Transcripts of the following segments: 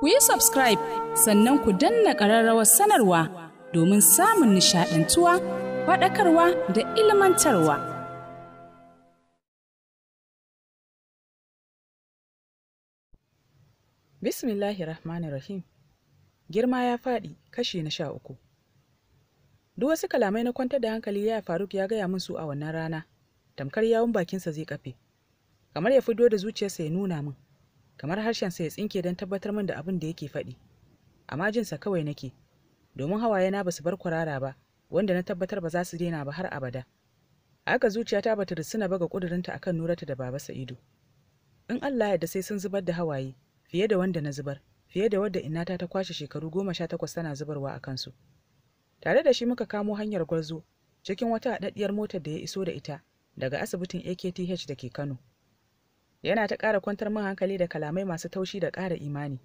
ku yi subscribe sannan ku danna ƙararrawar sanarwa domin samun nishaɗantuwa faɗakarwa da ilmantarwa. Bismillahir Rahmanir Rahim Girma ya faɗi kashi na sha uku. Duk wasu kalamai na kwantar da hankali ya Faruk ya gaya min su a wannan rana, tamkar yawun bakinsa zai kafe, kamar ya fido da zuciyarsa ya nuna min. kamar harshen sa ya tsinke don tabbatar min da abin da yake faɗi amma jinsa kawai nake domin hawaye na basu bar kurara ba wanda na tabbatar ba za su daina ba har abada haka zuciyata bata risina ba ga kudurinta akan nurata da baba sa'idu in allah ya da sai sun zubar da hawaye fiye da wanda na zubar fiye da wadda innata ta kwashe shekaru goma sha takwas tana zubarwa a kansu tare da shi muka kamo hanyar gwarzo cikin wata haɗaɗɗiyar motar da ya iso da ita daga asibitin akth da ke kano yana ta ƙara kwantar min hankali da kalamai masu taushi da ƙara imani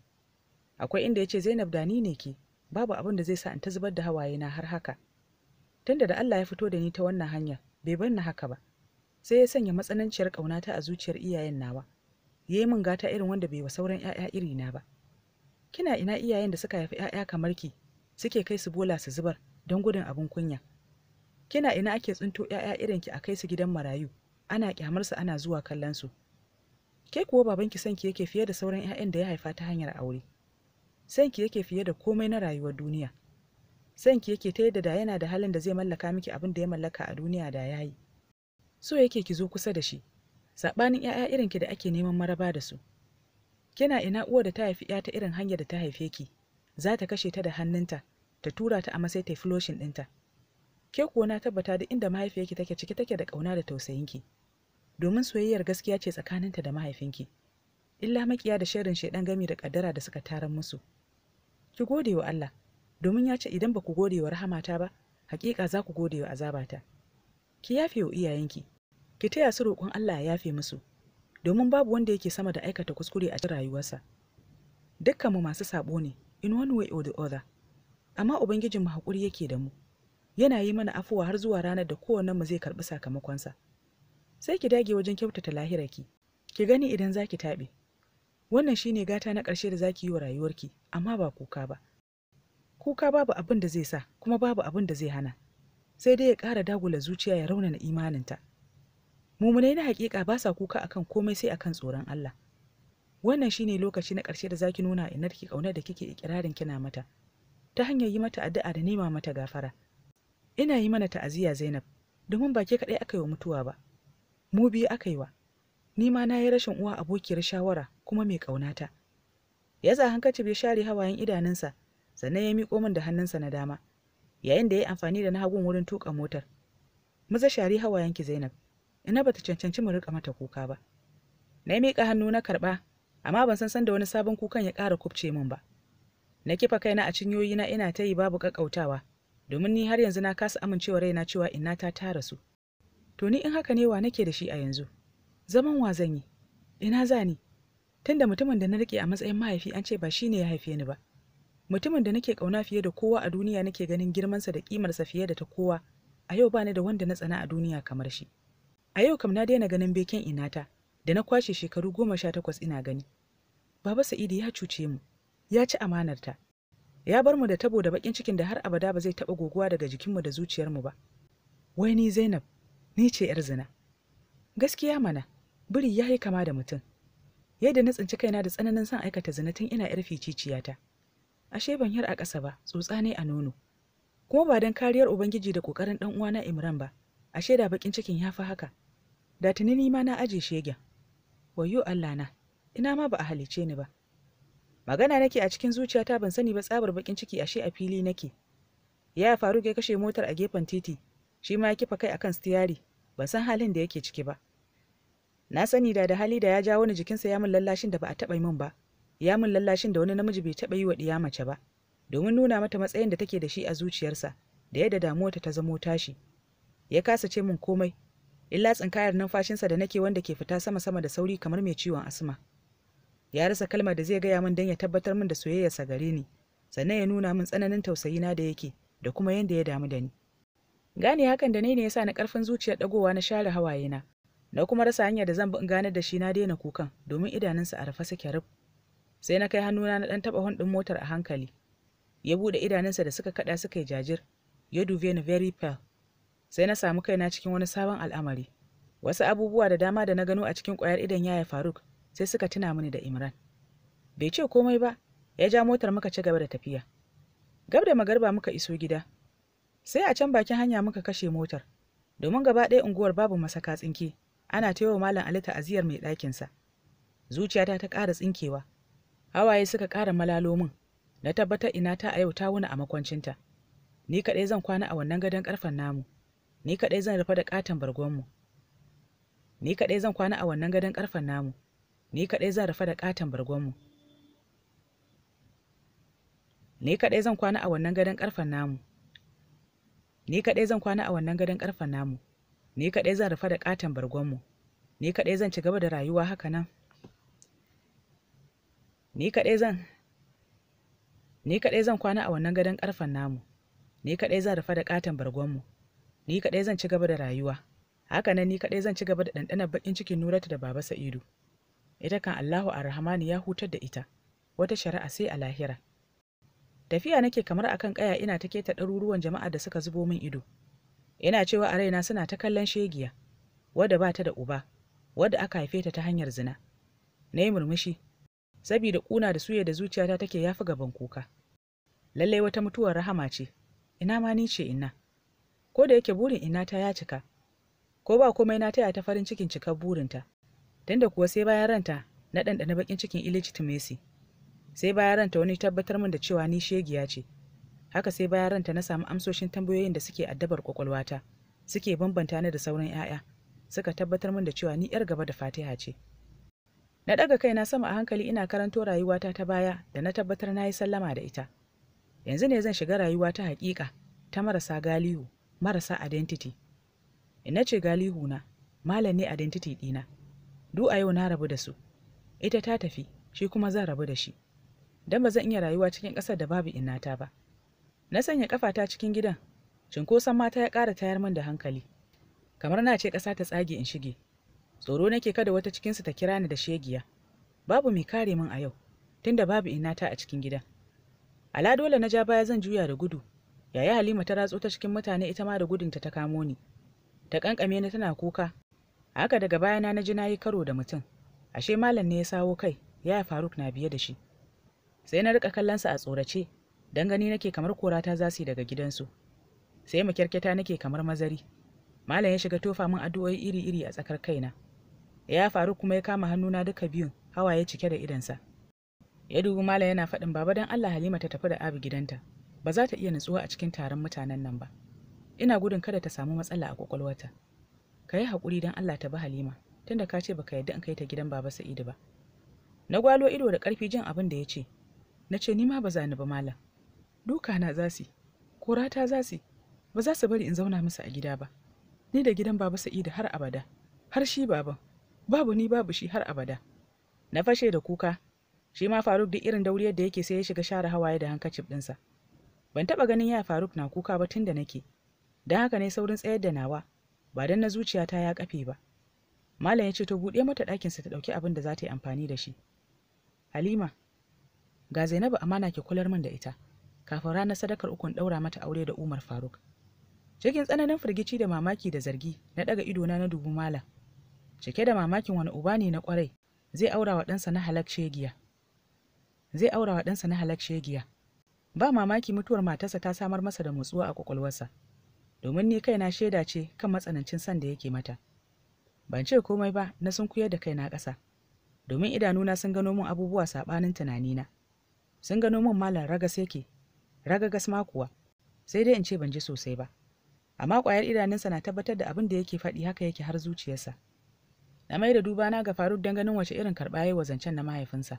akwai inda ya ce zainab da ni ne ke babu abin da zai sa in ta zubar da hawaye na har haka tunda da allah ya fito da ni ta wannan hanya bai bar ni haka ba sai ya sanya matsananciyar ƙaunata a zuciyar iyayen nawa ya yi min gata irin wanda bai wa sauran 'ya'ya iri na ba kina ina iyayen da suka haifi 'ya'ya kamar ki suke kai su bola su zubar don gudun abin kunya kina ina ake tsinto 'ya'ya irin ki a kai su gidan marayu ana kyamarsu ana zuwa kallon su ke kuwa babanki sanki yake fiye da sauran 'ya'yan da ya haifa ta hanyar aure sanki yake fiye da komai na rayuwar duniya sanki yake ta yadda da yana da halin da zai mallaka miki abin da ya mallaka a duniya da yayi so yake ki zo kusa da shi sabanin 'ya'ya irin ki da ake neman maraba da su kina ina uwa da ta haifi 'ya ta irin hanyar da ta haife ki za ta kashe ta da hannunta ta tura ta a masai ta floshin ɗinta ke kuwa na tabbata da inda mahaifiyarki take ciki take da ƙauna da tausayinki domin soyayyar gaskiya ce tsakaninta da mahaifinki illa makiya da sharin shaidan gami da kaddara da suka tarar musu ki gode wa Allah domin ya ce idan ba ku gode wa rahamata ba hakika za ku gode wa azabata ki yafe wa iyayenki ki taya su roƙon Allah ya yafe musu domin babu wanda yake sama da aikata kuskure a cikin rayuwarsa dukkan mu masu sabo ne in one way or the other amma ubangijin mu hakuri yake da mu yana yi mana afuwa har zuwa ranar da kowannen mu zai karbi sakamakonsa. sa sai ki dage wajen kyautata lahiraki ki gani idan zaki ki wannan shine gata na ƙarshe da za yi wa rayuwarki amma ba kuka ba kuka babu abin da zai sa kuma babu abin da zai hana sai dai ya ƙara dagula zuciya ya raunana imaninta mumunai na haƙiƙa ba sa kuka akan komai sai akan tsoron Allah wannan shine lokaci na ƙarshe da zaki nuna inar ki kauna da kike ikirarin kina mata ta hanyar yi mata addu'a da nema mata gafara ina yi mana ta'aziyya Zainab domin ba ke kaɗai aka yi wa mutuwa ba mu biyu aka yi wa ni ma na yi rashin uwa abokiyar shawara kuma mai ƙaunata ya za hankaci ya share hawayen idanunsa sannan ya miƙo min da hannunsa na dama yayin da ya yi amfani da na hagun wurin tuƙa motar maza share hawayen ki zainab ina bata cancanci mu riƙa mata kuka ba na yi miƙa hannu na karɓa amma ban san san da wani sabon kukan ya ƙara kubce min ba na kifa kaina a cinyoyina ina ta yi babu ƙaƙƙautawa domin ni har yanzu na kasa amincewa raina cewa inna ta tara su to ni in haka ne wa nake da shi a yanzu zaman wa zan yi ina za ni tunda mutumin da na rike a matsayin mahaifi an ce ba shi ne ya haife ni ba mutumin da nake ƙauna fiye da kowa a duniya nake ganin girmansa da kimarsa fiye da ta kowa a yau bani da wanda na tsana a duniya kamar shi a yau kam na daina ganin beken inata da na kwashe shekaru goma sha takwas ina gani baba Sa'idu ya cuce mu ya ci amanarta ya bar mu da tabo da bakin cikin da har abada ba zai taɓa goguwa daga jikinmu da zuciyarmu ba wai ni zainab ni ce yar zina gaskiya mana biri ya yi kama da mutum yadda na tsinci kaina da tsananin son aikata zina tun ina yar ficiciyata ashe ban yar a ƙasa ba tsutsa ne a nono kuma ba don kariyar ubangiji da ƙoƙarin ɗan uwana imran ba ashe da baƙin cikin ya fi haka da tuni ni ma na aje shegen wayo allah na ina ma ba a halice ni ba magana nake a cikin zuciyata ban sani ba tsabar baƙin ciki ashe a fili nake Yaya faru ya kashe motar a gefen titi shi ma ya kifa kai akan stiyari ban san halin da yake ciki ba na sani da da hali da ya ja wani jikinsa ya min lallashin da ba a taɓa min ba ya min lallashin da wani namiji bai taɓa yi wa ɗiya mace ba domin nuna mata matsayin da take da shi a zuciyarsa da yadda damuwarta ta zamo tashi ya kasa ce min komai illa tsinkayar numfashinsa da nake wanda ke fita sama sama da sauri kamar mai ciwon asma ya rasa kalma da zai gaya min don ya tabbatar min da soyayyarsa gare ni sannan ya nuna min tsananin tausayina da yake da kuma yadda ya damu da ni gane hakan da ne ne yasa na karfin zuciyar dagowa na share hawaye na na kuma rasa hanya da zan bi in ganar da shi na daina kukan domin idanunsa a rufe suke rub sai na kai hannuna na dan taba hon din motar a hankali ya bude idanunsa da suka kada suka yi jajir ya dube ni very pale sai na samu kaina cikin wani sabon al'amari wasu abubuwa da dama da na gano a cikin ƙwayar idan yaya faruk sai suka tuna mini da imran bai ce komai ba ya ja motar muka ci gaba da tafiya gab da magarba muka iso gida sai a can bakin hanya muka kashe motar domin gaba ɗaya unguwar babu masaka tsinke ana ta wa malam ali ta'aziyar mai ɗakinsa zuciyata ta ƙara tsinkewa hawaye suka ƙara malalo min na tabbatar ina ta a yau ta wuni a makwancinta ni kaɗai zan kwana a wannan gadon ƙarfen namu ni kaɗai zan rufe da ƙaton bargonmu ni kaɗai zan kwana a wannan gadon ƙarfen namu ni kaɗai zan rufe da ƙaton bargonmu ni kaɗai zan kwana a wannan gadon ƙarfen namu ni kaɗai zan kwana a wannan gadon ƙarfen namu ni kaɗai zan rufa da ƙaton bargonmu ni kaɗai zan ci gaba da rayuwa haka nan ni kaɗai zan ni kaɗai zan kwana a wannan gadon ƙarfen namu ni kaɗai zan rufa da ƙaton bargonmu ni kaɗai zan ci gaba da rayuwa haka nan ni kaɗai zan ci gaba da ɗanɗanar baƙin cikin nurata da baba sa'idu ita kan allahu arhamani ya hutar da ita wata shari'a sai a lahira tafiya nake kamar akan kaya ina ta keta ɗaruruwan jama'a da suka zubo min ido ina cewa a raina suna ta kallon shegiya wadda ba ta da uba wadda aka haife ta ta hanyar zina na yi murmushi saboda ƙuna da suya da zuciyata take yafi gaban kuka lallai wata mutuwar rahama ce ina ma ni ce ina ko da yake burin ina ta ya cika ko ba komai na taya ta farin cikin cikar burinta tunda kuwa sai bayan ranta na ɗanɗana bakin cikin illegitimacy sai bayan ranta wani tabbatar min da cewa ni shegiya ce haka sai bayan ranta na samu amsoshin tambayoyin da suke addabar kwakwalwata suke bambanta ni da sauran 'ya'ya suka tabbatar min da cewa ni 'yar gaba da fatiha ce na ɗaga kaina sama a hankali ina karanto rayuwata ta baya da na tabbatar na yi sallama da ita yanzu ne zan shiga rayuwa ta haƙiƙa ta marasa galihu marasa identity ina ce galihu na malam ne identity ɗina du a yau na rabu da su ita ta tafi shi kuma zan rabu da shi don ba zan iya rayuwa cikin ƙasar da babu innata ba na sanya ƙafata cikin gidan cinkoson mata ya ƙara tayar min da hankali kamar na ce ƙasa ta tsage in shige tsoro nake kada wata cikinsu ta kira ni da shegiya babu mai kare min a yau tunda babu innata a cikin gidan ala dole na ja baya zan juya da gudu yaya halima ta ratso ta cikin mutane ita ma da gudunta ta kamo ni ta kankame ni tana kuka haka daga bayana na ji na yi karo da mutum ashe malam ne ya sawo kai yaya faruk na biye da shi sai na rika kallon sa a tsorace dan gani nake kamar korata za su daga gidansu sai mu kyarketa nake kamar mazari malam ya shiga tofa min addu'o'i iri-iri a tsakar kaina ya faru kuma ya kama hannuna duka biyun hawaye cike da idansa ya dubi malam yana faɗin baba dan Allah Halima ta tafi da Abu gidanta ba za ta iya nutsuwa a cikin taron mutanen nan ba ina gudun kada ta samu matsala a kwakwalwata ka yi haƙuri don Allah ta bi Halima tunda ka ce baka yarda in kai ta gidan baba Sa'idu ba na gwalo ido da ƙarfi jin abin da ya ce na ce nima ba za ni ba malam duka na za su kora za su ba za su bari in zauna musu a gida ba ni da gidan baba sa'idu har abada har shi baban babu ni babu shi har abada na fashe da kuka shi ma faruk duk irin dauriyar da yake sai ya shiga share hawaye da hankacif ɗinsa ban taɓa ganin ya faruk na kuka ba tun da nake don haka ne saurin tsayar da nawa ba don na zuciya ta ya kafe ba malam ya ce to buɗe mata ɗakinsa ta ɗauki abin da za ta yi amfani da shi halima ga zainabu amana ke kular min da ita kafin ranar sadakar ukun ɗaura mata aure da umar faruk cikin tsananin firgici da mamaki da zargi na ɗaga ido na na dubu mala cike da mamakin wani uba ne na kwarai zai aura wa ɗansa na halak shegiya zai aura wa ɗansa na halak shegiya ba mamaki mutuwar matarsa ta samar masa da motsuwa a kwakwalwarsa domin ni kaina shaida ce kan matsanancin san da yake mata ban ce komai ba na sunkuyar da kai na ƙasa domin idanuna sun gano min abubuwa saɓanin tunanina sun gano min malam raga yake ragagas ma kuwa sai dai in ce ban ji sosai ba amma ƙwayar idanunsa na tabbatar da abin da yake faɗi haka yake har zuciyarsa na mai da duba ga faruk don ganin wace irin karɓa yayi wa zancen na mahaifinsa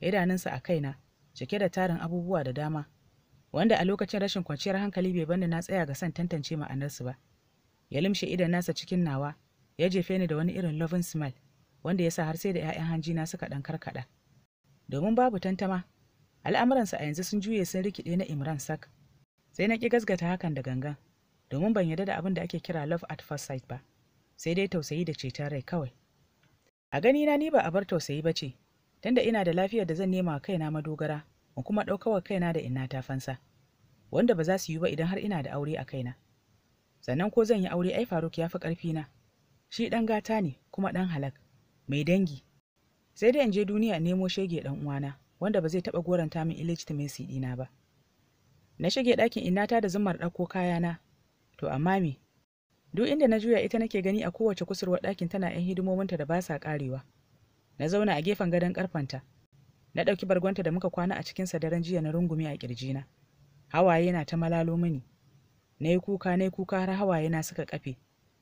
idanunsa a kaina cike da tarin abubuwa da dama wanda a lokacin rashin kwanciyar hankali bai bani na tsaya ga son tantance ma'anarsu ba ya limshe idan nasa cikin nawa ya jefe ni da wani irin loving smile wanda ya sa har sai da 'ya'yan hanjina suka ɗan karkaɗa domin babu tantama al'amuransa a yanzu sun juye sun rikide na imran sak sai na ƙi gasgata hakan da gangan domin ban yarda da abin da ake kira love at first sight ba sai dai tausayi da ceton rai kawai a gani na ni ba a bar tausayi ba ce tunda ina da lafiyar da zan nema kaina madogara in kuma ɗaukawa kaina da ina ta fansa wanda ba za su yi ba idan har ina da aure a kaina sannan ko zan yi aure ai faruk ya fi ƙarfi na shi ɗan gata ne kuma ɗan halak mai dangi sai dai in je duniya nemo shege ɗan uwana wanda ba zai taɓa goranta min illegitimacy ɗina ba na shige ɗakin innata da zumar ɗauko kayana to amma me duk inda na juya ita nake gani a kowace kusurwar ɗakin tana 'yan hidimominta da ba sa ƙarewa na zauna a gefen gadon ƙarfanta na ɗauki bargonta da muka kwana a cikin sa daren jiya na rungume a ƙirjina hawaye na ta malalo mini na yi kuka na yi kuka har hawaye na suka kafe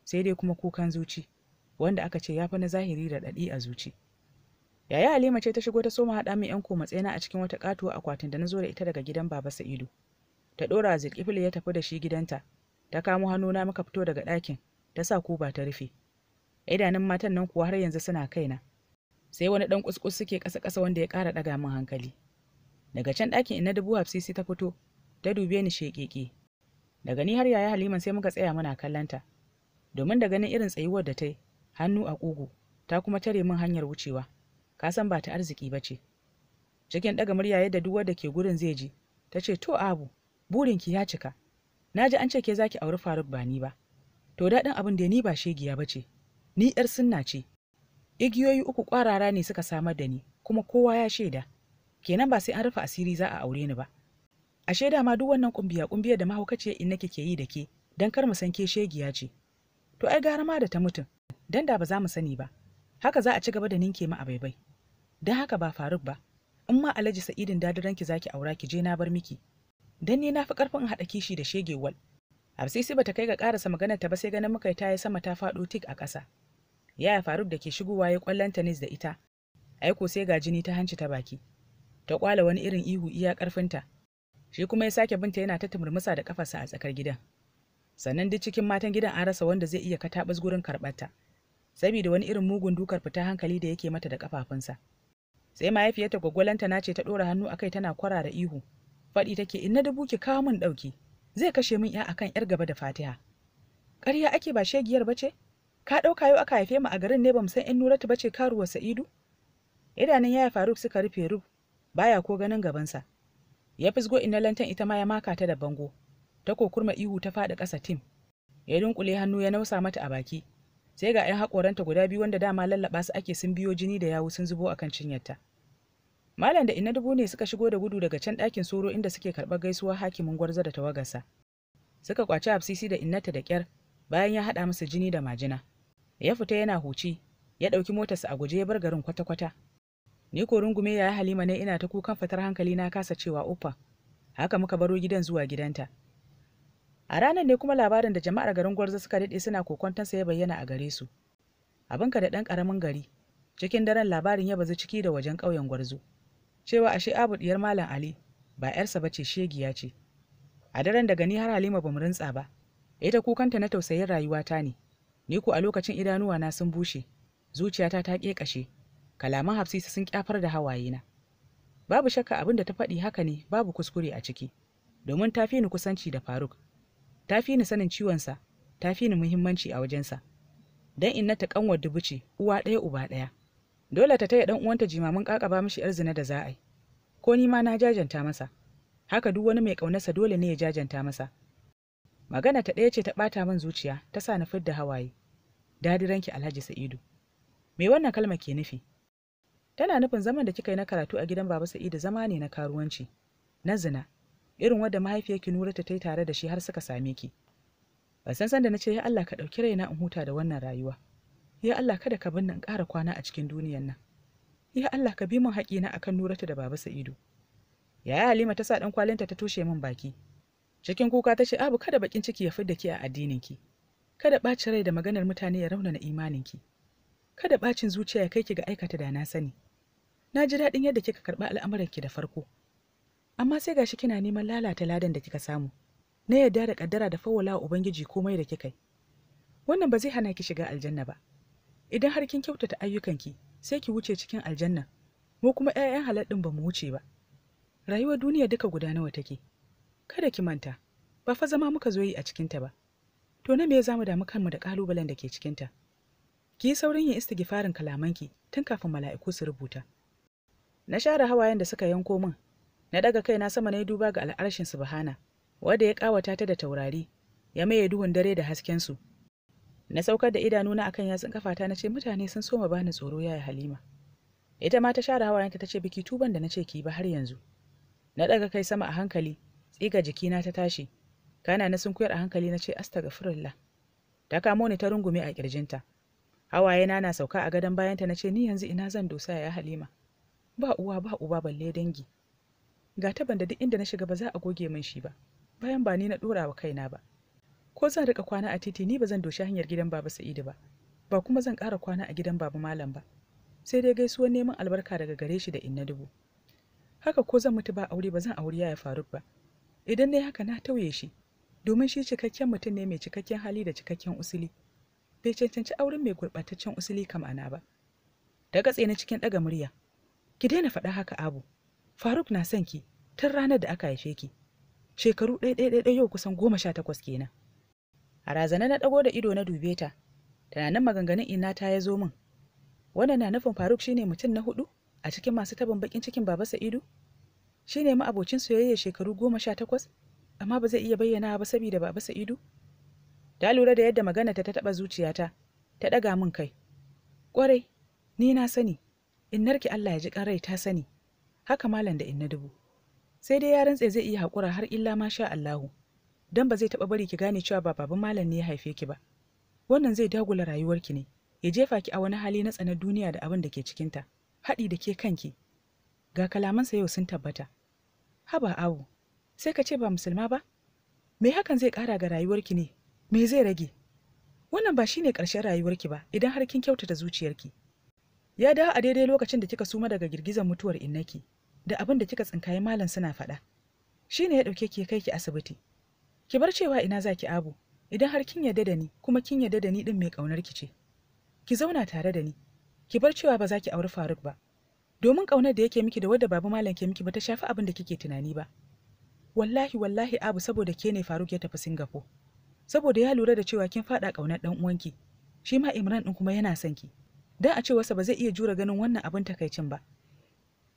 sai dai kuma kukan zuci wanda aka ce ya fi na zahiri da ɗaɗi a zuci. yaya halima ce ta shigo ta soma haɗa min yan komatsena a cikin wata katuwa akwatin da na zo da ita daga gidan baba sa'idu ta ɗora zilkifil ya tafi da shi gidanta ta kamo hannuna muka fito daga ɗakin ta sa ba ta rufe idanun matan nan kuwa har yanzu suna kaina sai wani ɗan kuskus suke ƙasa ƙasa wanda ya ƙara ɗaga min hankali daga can ɗakin ina dubu hafsisi ta fito ta dube ni sheƙeƙe daga ni har yaya Halima sai muka tsaya muna kallanta domin da ganin irin tsayuwar da ta yi hannu a ƙugu ta kuma tare min hanyar wucewa ka san ba ta arziki ba ce cikin ɗaga murya yadda duk wanda ke gurin zai ji ta ce to abu burinki ya cika na ji an ce ke zaki auri faruk ba ni ba to daɗin abin da ni ba shegiya ba ce ni yar sunna ce igiyoyi uku ƙwarara ne suka samar da ni kuma kowa ya shaida kenan ba sai an rufe asiri za a aure ni ba a shaida ma duk wannan kumbiya kumbiya da mahaukaciya in nake ke yi da ke dan kar mu san ke shegiya ce to ai gara ma da ta mutum dan da ba za mu sani ba haka za a ci gaba da ninke mu a bai don haka ba faruk ba in ma alhaji sa'idin dadiranki zaki aura ki je na bar miki dan ni na fi karfin haɗa kishi da shege shegewal absisi bata kai ga karasa maganar ta ba sai ganin muka ta yi sama ta faɗo tik a ƙasa yaya faruk da ke shigowa ya kwallon tennis da ita aiko sai ga jini ta hanci ta baki ta kwala wani irin ihu iya karfinta shi kuma ya sake binta yana ta tumurmusa da kafarsa a tsakar gidan sannan duk cikin matan gidan an rasa wanda zai iya kataɓa gurin karɓarta saboda wani irin mugun dukar fita hankali da yake mata da kafafunsa. sai mahaifiyarta gwagwalanta na ce ta ɗora hannu akai tana kwara da ihu faɗi take in na dubu ki kawo min ɗauki zai kashe min ya akan yar gaba da fatiha ƙarya ake ba shegiyar ba ce ka ɗauka yau aka haife mu a garin ne bamu san in nuratu ba ce karuwa sa'idu idanun yaya faruk suka rufe rub baya ko ganin gabansa ya fisgo ina lantan ita ma ya maka ta da bango ta kokurma ihu ta faɗi ƙasa tim ya dunkule hannu ya nausa mata a baki sai ga 'yan haƙoranta guda biyu wanda dama lallaɓa su ake sun biyo jini da yawu sun zubo a kan cinyarta malam da ina dubu ne suka shigo da gudu daga can ɗakin soro inda suke karɓar gaisuwa hakimin gwarza da tawagarsa suka kwaci hafsisi da innata da ƙyar bayan ya haɗa musu jini da majina ya fita yana huci ya ɗauki motarsa a guje ya bar garin kwata-kwata ni ko rungume ya halima ne ina ta kukan fatar hankali na kasa cewa ufa haka muka baro gidan zuwa gidanta a ranar ne kuma labarin da jama'ar garin gwarzo suka daɗe suna kokontansa ya bayyana a gare su abinka da ɗan ƙaramin gari cikin daren labarin ya bazu ciki da wajen ƙauyen gwarzo cewa ashe abu ɗiyar malam ali ba yarsa ba ce shegiya ce a daren da ni har halima bamu rintsa ba ita kukanta na tausayin rayuwata ne ni ku a lokacin idanuwa na sun bushe zuciyata ta ƙeƙashe kalaman hafsisa sun kyafar da hawayena babu shakka abin da ta faɗi haka ne babu kuskure a ciki domin ta fi ni kusanci da faruk ta fi ni sanin ciwonsa ta fi ni muhimmanci a wajensa dan inna ta kanwar dubu ce uwa ɗaya uba ɗaya dole ta taya ɗan uwanta jimamin ba mishi yar zina da za a yi ko ni ma na jajanta masa haka duk wani mai ƙaunarsa dole ne ya jajanta masa magana ta ɗaya ce ta ɓata min zuciya ta sa ni fidda hawaye Dadi, ranki alhaji sa'idu me wannan kalma ke nufi tana nufin zaman da kika yi na karatu a gidan baba sa'idu zama ne na karuwanci na zina irin wadda mahaifiyarki Nurata ta yi tare da shi har suka same ki. Ban san san da na ce ya Allah ka ɗauki raina in huta da wannan rayuwa. Ya Allah kada ka binne in ƙara kwana a cikin duniyar nan. Ya Allah ka bi min haƙina akan Nurata da Baba Sa'idu. Yaya Halima ta sa ɗan kwalinta ta toshe min baki. Cikin kuka ta ce Abu kada bakin ciki ya fidda ki a addininki. Kada baci rai da maganar mutane ya raunana imaninki. Kada bacin zuciya ya kai ki ga aikata da na sani. Na ji daɗin yadda kika karɓi al'amuranki da farko. amma sai gashi kina neman lalata ladan da kika samu na yarda da kaddara da fawwala ubangiji komai da kika yi wannan ba zai hana ki shiga aljanna ba idan har kin kyautata ayyukanki sai ki wuce cikin aljanna mu kuma 'ya'yan halal ɗin ba mu wuce ba rayuwar duniya duka guda nawa take kada ki manta ba fa zama muka zo yi a cikinta ba to na me za mu damu kanmu da kalubalen da ke cikin ta ki yi saurin yin kalaman kalamanki tun kafin mala'iku su rubuta na share hawayen da suka yanko min na daga na sama na yi duba ga al'arshin subhana wanda ya kawata ta da taurari ya maye duhun dare da hasken su na saukar da idanuna akan yatsun kafata na ce mutane sun so ma bani tsoro yayi halima ita ma ta share hawayenta ta ce biki tuban da nace ki ba har yanzu na daga kai sama a hankali tsiga jikina ta tashi kana na sunkuyar a hankali na ce astaghfirullah ta kamo ni ta rungume a kirjinta hawaye na na sauka a gadon bayanta na ce ni yanzu ina zan dosa ya halima ba uwa ba uba balle dangi ga ta ban da duk inda na shiga ba za a goge min shi ba bayan ba ni na dora wa kaina ba ko zan rika kwana a titi ni ba zan doshi hanyar gidan baba sa'idu ba ba kuma zan ƙara kwana a gidan baba malam ba sai dai gaisuwar neman albarka daga gare shi da inna dubu haka ko zan mutu ba aure ba zan auri yaya faruk ba idan na haka na tauye shi domin shi cikakken mutum ne mai cikakken hali da cikakken usuli bai cancanci auren mai gurɓataccen usuli kam ana ba da gatse na cikin ɗaga murya ki daina faɗa haka abu faruk na son ki tun ranar da aka haife ki shekaru ɗaya ɗaya ɗaya yau kusan goma sha takwas kenan a razana na ɗago da ido na dube ta tunanin maganganun ina ta ya zo min wannan na nufin faruk shine mutum na hudu a cikin masu tabin bakin cikin baba sa'idu shine ne ma'abocin soyayya shekaru goma sha takwas amma ba zai iya bayyana ba saboda baba sa'idu ta lura da yadda magana ta taɓa zuciyata ta ɗaga min kai ƙwarai ni na sani in narki allah ya ji ƙarai ta sani haka malam da in na dubu sai dai ya rantse zai iya hakura har illa ma sha Allahu dan ba zai taɓa bari ki gane cewa ba baban malam ne ya haife ki ba wannan zai dagula rayuwarki ne ya jefa ki a wani hali na tsanar duniya da abin da ke cikin ta haɗi da ke kanki ga kalamansa yau sun tabbata haba awo sai ka ce ba musulma ba me hakan zai ƙara ga rayuwarki ne me zai rage wannan ba shine ƙarshen rayuwarki ba idan har kin kyautata zuciyarki ya dawo a daidai lokacin da kika suma daga girgizar mutuwar innaki da abin da kika tsinkaye malam suna faɗa shi ne ya ɗauke ki kai ki asibiti ki bar cewa ina za ki abu idan har kin yarda da ni kuma kin yarda da ni din mai ƙaunar ki ce ki zauna tare da ni ki bar cewa ba za ki auri faruk ba domin ƙaunar da yake miki da wadda babu malam ke miki ba ta shafi abin da kike tunani ba wallahi wallahi abu saboda ke ne faruk ya tafi singapore saboda ya lura da cewa kin faɗa ƙaunar ɗan uwanki shi ma imran ɗin kuma yana son ki dan a ce cewarsa ba zai iya jure ganin wannan abin takaicin ba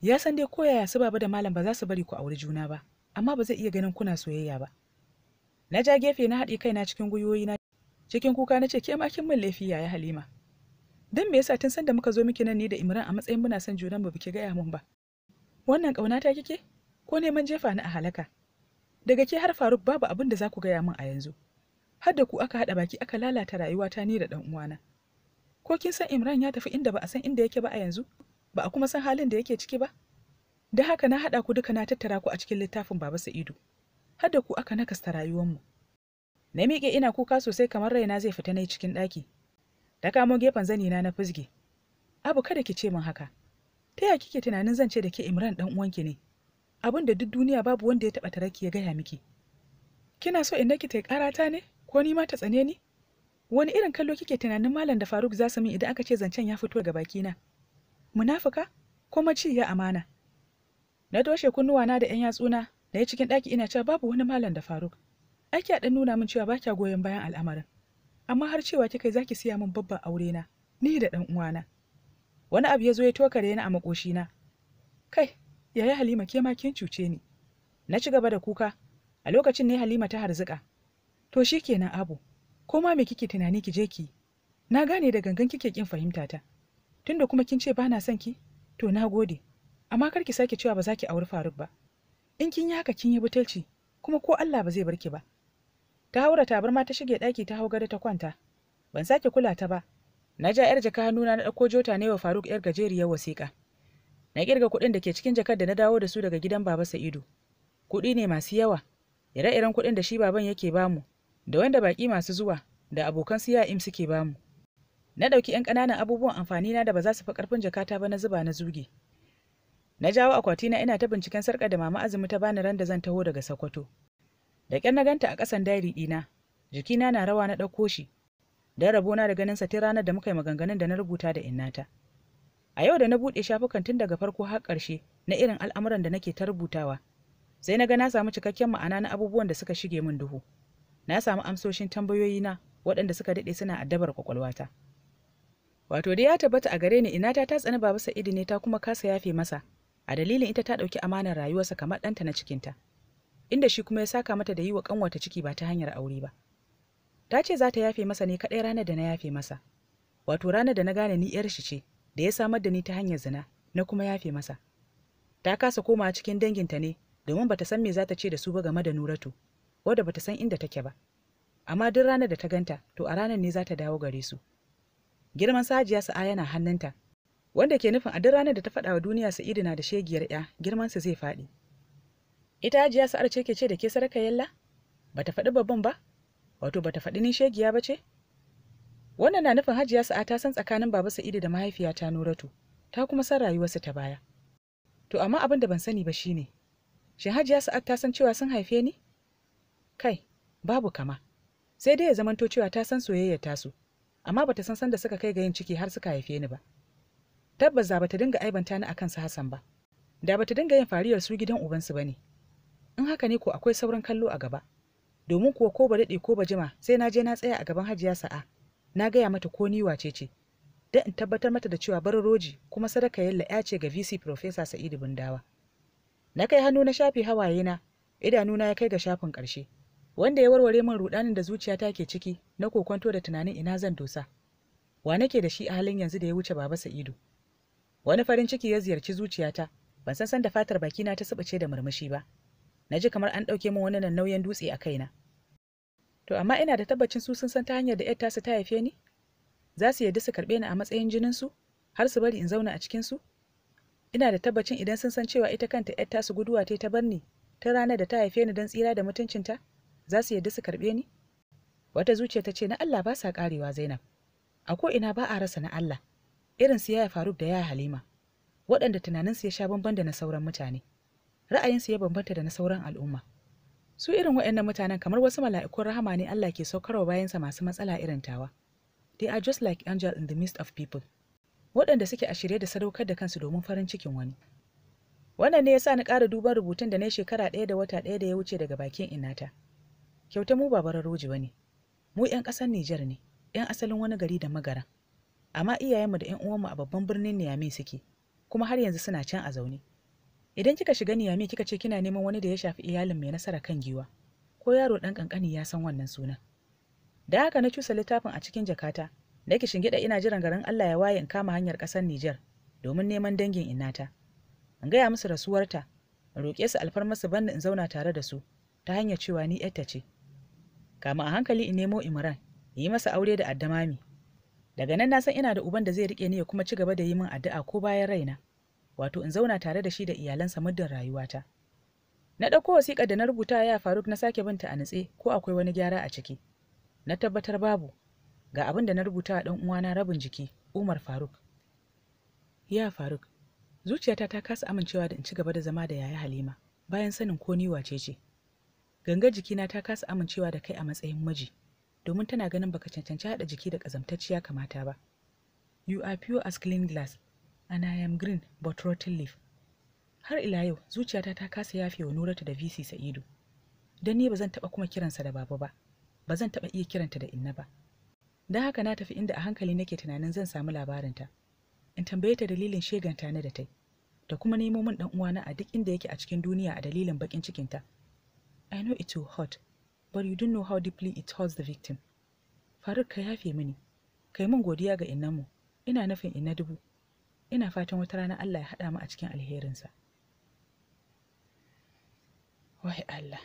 ya san dai ko yaya su baba da malam ba za su bari ku auri juna ba amma ba zai iya ganin kuna soyayya ba na ja gefe na haɗe kaina cikin gwiwoyi na cikin kuka na ce ke ma kin min laifi yaya halima dan me yasa tun sanda muka zo miki nan ni da imran a matsayin muna son junan mu biki gaya mun ba wannan ta kike ko neman jefa ni a halaka daga ke har faruk babu abin da za ku gaya min a yanzu har da ku aka haɗa baki aka lalata rayuwata ni da ɗan uwana ko kin san imran ya tafi inda ba a san inda yake ba a yanzu ba a kuma san halin da yake ciki ba da haka na haɗa ku duka na tattara ku a cikin littafin baba sa'idu har da ku aka nakasta mu? na miƙe ina kuka sosai kamar raina zai fita na cikin ɗaki da kamo gefen zani na na fizge abu kada ki ce min haka ta ya kike tunanin zan ce da ke imran dan uwan ki ne abin da duk duniya babu wanda ya taɓa taraki ya gaya miki kina so in naki ta karata ne ko ni ma ta tsane ni wani irin kallo kike tunanin malam da faruk za su min idan aka ce zancen ya fito daga bakina munafuka ko maciya amana na toshe na da yan yatsuna da ya cikin ɗaki ina cewa babu wani malam da faruk aiki a ɗan nuna min cewa ba kya goyon bayan al'amarin amma har cewa kika za ki siya min babban aure na ni da ɗan uwana wani abu ya zo ya tokare ni a na. kai yaya halima ke ma kin cuce ni na ci gaba da kuka a lokacin ne halima ta harzika. to shikenan abu ko ma me kike tunani ki je ki na gane da gangan kike kin fahimta ta tunda kuma kin ce bana son ki to na gode amma kar ki sake cewa ba za ki auri Faruk ba in kin yi haka kin yi butulci kuma ko Allah ba zai bar ki ba ta haura bar ma ta shige daki ta hau gado ta kwanta ban sake kula ta ba na ja yar jaka hannuna na ɗauko jota ne wa Faruk yar gajeriyar wasiƙa na kirga kuɗin da ke cikin jakar da na dawo da su daga gidan Baba Sa'idu kuɗi ne masu yawa ire-iren kuɗin da shi baban yake bamu da wanda baƙi masu zuwa da abokan siya im suke bamu na ɗauki 'yan ƙananan abubuwan amfani na da ba za su fi ƙarfin jakata ba na zuba na zuge na jawo akwati na ina ta binciken sarka da mama azumi ta bani ran da zan taho daga sokoto da ƙyar na ganta a ƙasan dairi ɗina jikina na rawa na ɗauko shi don na da ganin sa tun ranar da muka yi maganganun da na rubuta da innata a yau da na buɗe shafukan tun daga farko har ƙarshe na irin al'amuran da nake ta rubutawa sai na ga na samu cikakken ma'ana na abubuwan da suka shige min duhu na samu amsoshin tambayoyina waɗanda suka daɗe suna addabar kwakwalwata. wato dai ya tabbata a gare ni ina ta tsani baba sa'idu ne ta kuma kasa yafe masa a dalilin ita ta ɗauki amanar rayuwarsa kamar ɗanta na cikinta inda shi kuma ya saka mata da yi wa ƙanwata ciki ba ta hanyar aure ba ta ce za ta yafe masa ne kaɗai ranar da na yafe masa wato ranar da na gane ni yar shi ce da ya samar da ni ta hanyar zina na kuma yafe masa ta kasa koma cikin danginta ne domin bata san me za ta ce da su ba game da Nuratu wadda bata san inda take ba amma duk ranar da ta ganta to a ranar ne za ta dawo gare su girman sajiya sa'a yana hannunta wanda ke nufin a duk ranar da ta faɗa wa duniya sa'idu na da shegiyar ya girman girmansa zai faɗi ita hajiya sa'ar ce ke ce da ke sarka yalla bata faɗi babban ba wato bata faɗi ni shegiya ba ce wannan na nufin hajiya sa'a ta san tsakanin baba sa'idu da mahaifiya ta nuratu ta kuma san rayuwarsa ta baya to amma abin da ban sani ba shine shin hajiya sa'ad ta san cewa sun haife ni kai babu kama sai dai ya zamanto cewa ta san soyayyar tasu amma bata san sanda suka kai ga yin ciki har suka haife ni ba tabbas za bata dinga aibanta ni akan su Hassan ba da bata dinga yin fariyar su gidan ubansu bane in haka ne ko akwai sauran kallo a gaba domin kuwa ko ba daɗe ko ba jima sai na je na tsaya a gaban hajiya sa'a na gaya mata ko ni wace ce da in tabbatar mata da cewa barin roji kuma sadaka yalla ya ce ga vc professor sa'idu bundawa na kai hannu na shafe hawaye na idanuna ya kai ga shafin karshe wanda ya warware min rudanin da zuciyata ke ciki na kokonto da tunanin ina zan dosa wa nake da shi a halin yanzu da ya wuce baba sa'idu wani farin ciki ya ziyarci zuciyata ban san san da fatar bakina ta subace da murmushi ba na ji kamar an ɗauke min wani nan nauyin dutse a kaina to amma ina da tabbacin su sun san ta hanyar da yar tasu ta haife ni za su yarda su karɓe ni a matsayin jinin su har su bari in zauna a cikin su ina da tabbacin idan sun san cewa ita kanta ta tasu guduwa ta bar ni ta ranar da ta haife ni don tsira da mutuncinta za su yadda su karɓe ni wata zuciya ta ce na Allah ba sa karewa Zainab a ko ina ba a rasa na Allah irin su yaya Faruk da yaya Halima waɗanda tunaninsu ya sha bamban da na sauran mutane ra'ayinsu ya bambanta da na sauran al'umma su irin waɗannan mutanen kamar wasu mala'ikun rahama ne Allah ke saukarwa bayansa masu matsala irin tawa they are just like angel in the midst of people waɗanda suke a shirye da sadaukar da kansu domin farin cikin wani wannan ne ya sa ni ƙara duban rubutun da na shekara ɗaya da wata ɗaya da ya wuce daga bakin inata kyauta mu ba bararoji ba ne mu 'yan ƙasar nijar ne 'yan asalin wani gari da magara amma iyayenmu da 'yan uwanmu a babban birnin niyame suke kuma har yanzu suna can a zaune idan kika shiga niyame kika ce kina neman wani da ya shafi iyalin mai nasara kan giwa ko yaro ɗan ƙanƙani ya san wannan suna da haka na cusa littafin a cikin jakata da yake shingida ina jiran garin Allah ya waye in kama hanyar ƙasar Nijar domin neman dangin innata. In gaya musu rasuwarta, in roƙe su alfarmar su banni in zauna tare da su ta hanyar cewa ni yarta ce. kama a hankali in nemo imran in yi masa aure da addamami daga nan na san ina da uban da zai rike ni ya kuma ci gaba da yi min addu'a ko bayan raina wato in zauna tare da shi da iyalansa muddin rayuwata na ɗauko wasiƙa da na rubuta ya faruk na sake binta a nutse ko akwai wani gyara a ciki na tabbatar babu ga abin da na rubuta a ɗan uwana rabin jiki umar faruk ya faruk zuciyata ta kasa amincewa da in ci gaba da zama da yaya halima bayan sanin ko ni wace ce Gangar jikina ta kasa amincewa da kai a matsayin miji, domin tana ganin baka cancanci haɗa jiki da ƙazamtacciya kamata ba. You are pure as clean glass, and I am green but rotten leaf. Har ila yau, zuciyata ta kasa yafe wa nurata da VC Sa'idu. Don ni ba zan taɓa kuma kiransa da baba ba, ba zan taɓa iya kiranta da inna ba. Don haka na tafi inda a hankali nake tunanin zan samu labarinta. In tambaye ta dalilin sheganta na da tai, da kuma nemo min ɗan uwana a duk inda yake a cikin duniya a dalilin baƙin cikinta. ta. I know it will hurt, but you don't know how deeply it hurts the victim. Faruk ka yafe mini, kai mun godiya ga innanmu, ina nufin ina dubu, ina fatan wata rana Allah ya haɗa mu a cikin alherinsa. Wai Allah,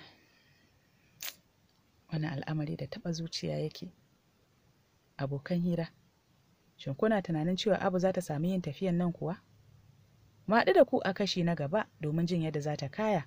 wani al'amari da taɓa zuciya yake, abokan hira, shin kuna tunanin cewa abu za ta sami yin tafiyan nan kuwa? Maɗu da ku a kashi na gaba domin jin yadda za ta kaya.